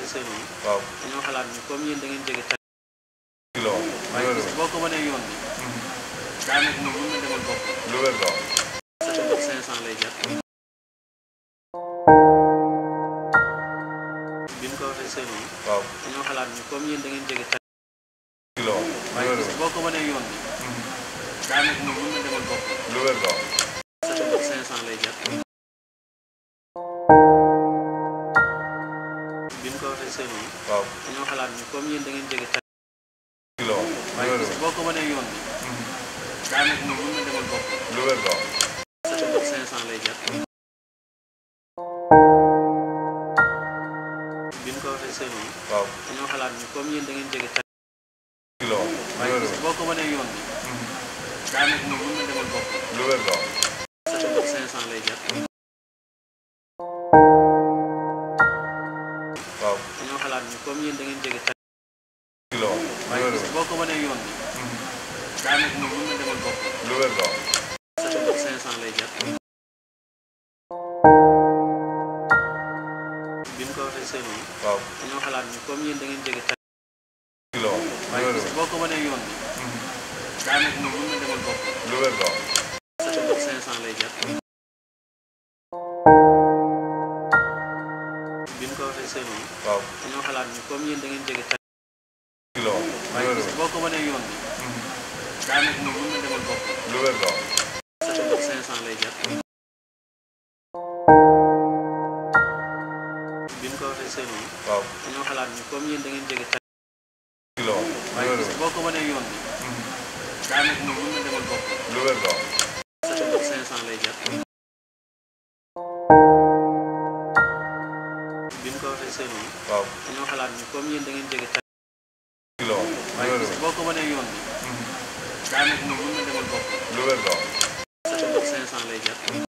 professeur yi. waaw dañoo xalaat ni comme yéen da ngeen jóge tali. loolu waaye ko wanee yoon bi. Mhm. daanaka moom mën na mhm. ko yi. waaw dañoo xalaat ni comme yéen da ngeen jóge tali. waaw dañoo xalaat ni comme yéen da ngeen jege ca waaye boo ko wanee yoon bi mm-hmm. mm-hmm. ko waxee seen yi waaw dañoo xalaat ni comme yéen da ngeen jege ca waaye boo ko wanee yoon bi mm-hmm. daanaka moom mën demal bopp lu wér la boo ko wanee yoon bi. daanaka moom mën na demal boppam. lu wér ba woon. 500 lay jar. bi ñu ko waxee seen yi. waaw dañoo xalaat ni comme yéen da ngeen jege tali. waaye gis boo ko wanee yoon bi. daanaka moom mën na demal boppam. lu wér ba woon. 500 lay jar. bi ñu ko waxee seen yi. waaw dañoo xalaat ni comme yéen da ngeen jege tali. seen yi. waaw dañoo xalaat ni comme yéen da ngeen jóge tànn. waaye gis boo ko wanee yoon bi. moom mm-hmm. mën na demal bopp. lu wér waaw. sa bopp 500 lay jar. Mm-hmm. bi mu ko waxee seen yi. waaw dañoo xalaat ni comme yéen boo ko wanee yoon bi. Mm-hmm. daanaka na demal bopp. lu wér waaw. sa bopp 500 lay